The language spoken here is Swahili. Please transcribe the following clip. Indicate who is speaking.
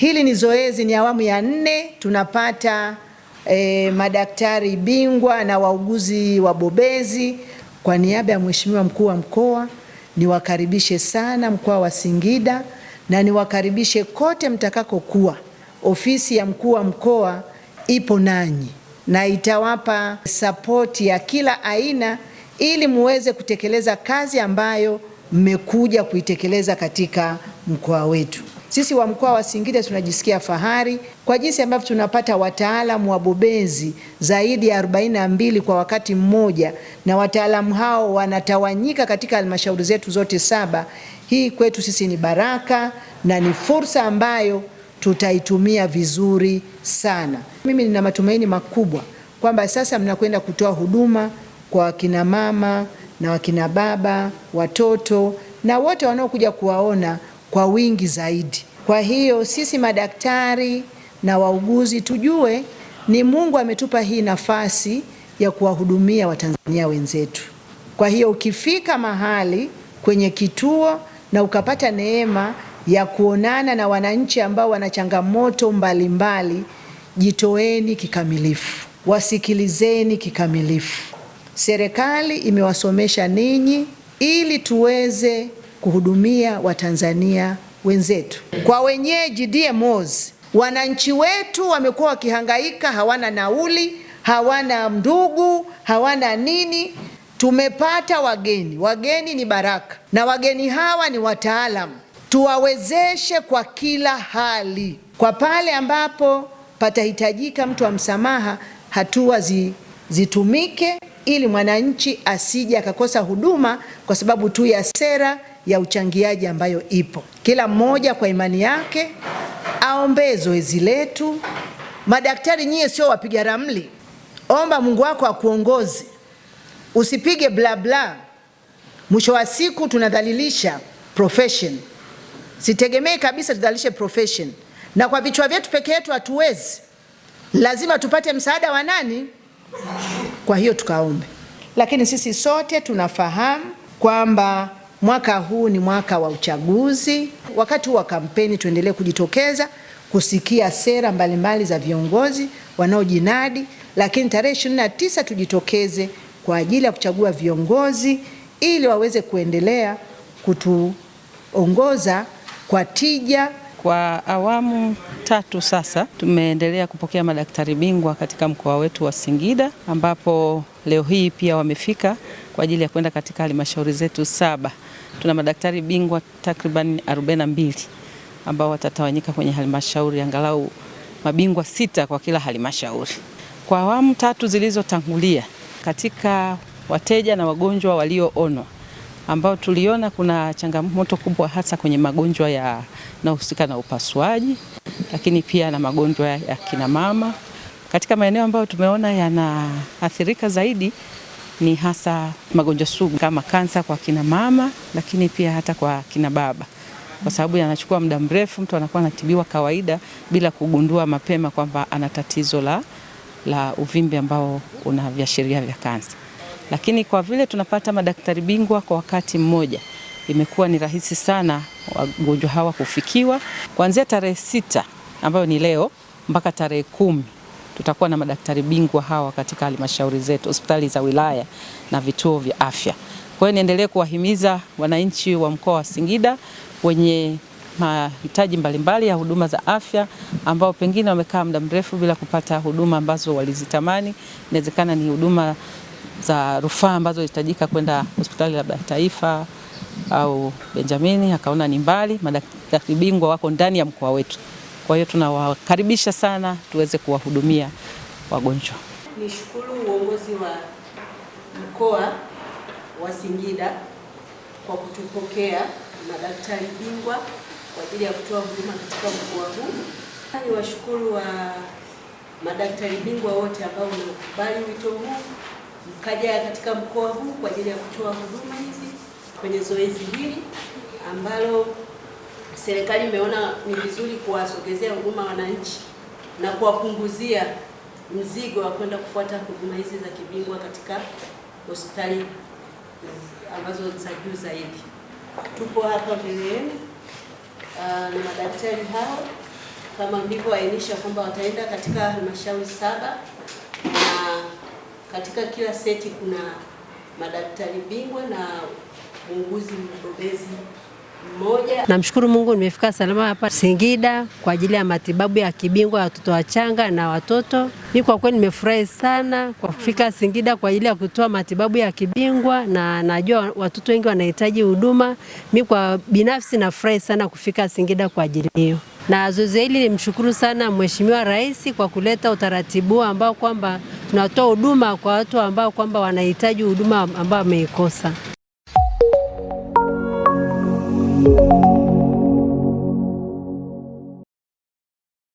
Speaker 1: Hili ni zoezi, ni awamu ya nne tunapata E, madaktari bingwa na wauguzi wabobezi. Kwa niaba ya Mheshimiwa Mkuu wa Mkoa niwakaribishe sana mkoa wa Singida na niwakaribishe kote mtakakokuwa. Ofisi ya Mkuu wa Mkoa ipo nanyi na itawapa sapoti ya kila aina ili muweze kutekeleza kazi ambayo mmekuja kuitekeleza katika mkoa wetu. Sisi wa mkoa wa Singida tunajisikia fahari kwa jinsi ambavyo tunapata wataalamu wabobezi zaidi ya 42 kwa wakati mmoja, na wataalamu hao wanatawanyika katika halmashauri zetu zote saba. Hii kwetu sisi ni baraka na ni fursa ambayo tutaitumia vizuri sana. Mimi nina matumaini makubwa kwamba sasa mnakwenda kutoa huduma kwa wakina mama na wakina baba, watoto na wote wanaokuja kuwaona kwa wingi zaidi. Kwa hiyo sisi madaktari na wauguzi tujue ni Mungu ametupa hii nafasi ya kuwahudumia Watanzania wenzetu. Kwa hiyo ukifika mahali kwenye kituo na ukapata neema ya kuonana na wananchi ambao wana changamoto mbalimbali, jitoeni kikamilifu, wasikilizeni kikamilifu. Serikali imewasomesha ninyi ili tuweze kuhudumia Watanzania wenzetu. Kwa wenyeji DMOs, wananchi wetu wamekuwa wakihangaika, hawana nauli, hawana ndugu, hawana nini. Tumepata wageni, wageni ni baraka, na wageni hawa ni wataalamu. Tuwawezeshe kwa kila hali, kwa pale ambapo patahitajika mtu wa msamaha, hatua zi, zitumike ili mwananchi asije akakosa huduma kwa sababu tu ya sera ya uchangiaji ambayo ipo. Kila mmoja kwa imani yake aombee zoezi letu. Madaktari nyie sio wapiga ramli, omba Mungu wako akuongoze, usipige bla bla. Mwisho wa siku tunadhalilisha profession. Sitegemei kabisa tudhalilishe profession, na kwa vichwa vyetu peke yetu hatuwezi, lazima tupate msaada wa nani? Kwa hiyo tukaombe, lakini sisi sote tunafahamu kwamba Mwaka huu ni mwaka wa uchaguzi. Wakati huu wa kampeni, tuendelee kujitokeza kusikia sera mbalimbali za viongozi wanaojinadi, lakini tarehe ishirini na tisa tujitokeze kwa ajili ya kuchagua viongozi ili waweze kuendelea kutuongoza kwa tija.
Speaker 2: Kwa awamu tatu sasa tumeendelea kupokea madaktari bingwa katika mkoa wetu wa Singida, ambapo leo hii pia wamefika kwa ajili ya kwenda katika halmashauri zetu saba. Tuna madaktari bingwa takriban 42 ambao watatawanyika kwenye halmashauri, angalau mabingwa sita kwa kila halmashauri. Kwa awamu tatu zilizotangulia katika wateja na wagonjwa walioonwa ambao tuliona kuna changamoto kubwa hasa kwenye magonjwa yanahusika na upasuaji, lakini pia na magonjwa ya kina mama. Katika maeneo ambayo tumeona yanaathirika zaidi ni hasa magonjwa sugu kama kansa kwa kina mama, lakini pia hata kwa kina baba, kwa sababu yanachukua muda mrefu, mtu anakuwa anatibiwa kawaida bila kugundua mapema kwamba ana tatizo la, la uvimbe ambao una viashiria vya kansa. Lakini kwa vile tunapata madaktari bingwa kwa wakati mmoja, imekuwa ni rahisi sana wagonjwa hawa kufikiwa kuanzia tarehe sita ambayo ni leo mpaka tarehe kumi tutakuwa na madaktari bingwa hawa katika halmashauri zetu, hospitali za wilaya na vituo vya afya. Kwa hiyo niendelee kuwahimiza wananchi wa mkoa wa Singida wenye mahitaji mbalimbali ya huduma za afya ambao pengine wamekaa muda mrefu bila kupata huduma ambazo walizitamani. Inawezekana ni huduma za rufaa ambazo zitahitajika kwenda hospitali labda taifa au Benjamini, akaona ni mbali. Madaktari bingwa wako ndani ya mkoa wetu. Kwa hiyo tunawakaribisha sana tuweze kuwahudumia wagonjwa.
Speaker 3: Nishukuru uongozi wa mkoa wa Singida kwa kutupokea madaktari bingwa kwa ajili ya kutoa huduma katika mkoa huu. Ni washukuru wa madaktari bingwa wote ambao wamekubali wito huu mkaja katika mkoa huu kwa ajili ya kutoa huduma hizi kwenye zoezi hili ambalo serikali imeona ni vizuri kuwasogezea huduma wananchi na kuwapunguzia mzigo wa kwenda kufuata huduma hizi za kibingwa katika hospitali ambazo za juu zaidi. Tupo hapa mbele yenu ah, na madaktari hao kama mlivyoainisha kwamba wataenda katika halmashauri saba na katika kila seti kuna madaktari bingwa na muuguzi mbobezi mmoja.
Speaker 4: Namshukuru Mungu nimefika salama hapa Singida kwa ajili ya matibabu ya kibingwa ya watoto wachanga na watoto. Ni kwa kweli nimefurahi sana kwa kufika Singida kwa ajili ya kutoa matibabu ya kibingwa, na najua watoto wengi wanahitaji huduma. Mi kwa binafsi nafurahi sana kufika Singida kwa ajili hiyo, na zoezi hili nimshukuru sana Mheshimiwa Rais kwa kuleta utaratibu ambao kwamba tunatoa huduma kwa watu ambao kwamba wanahitaji huduma ambao wameikosa. you.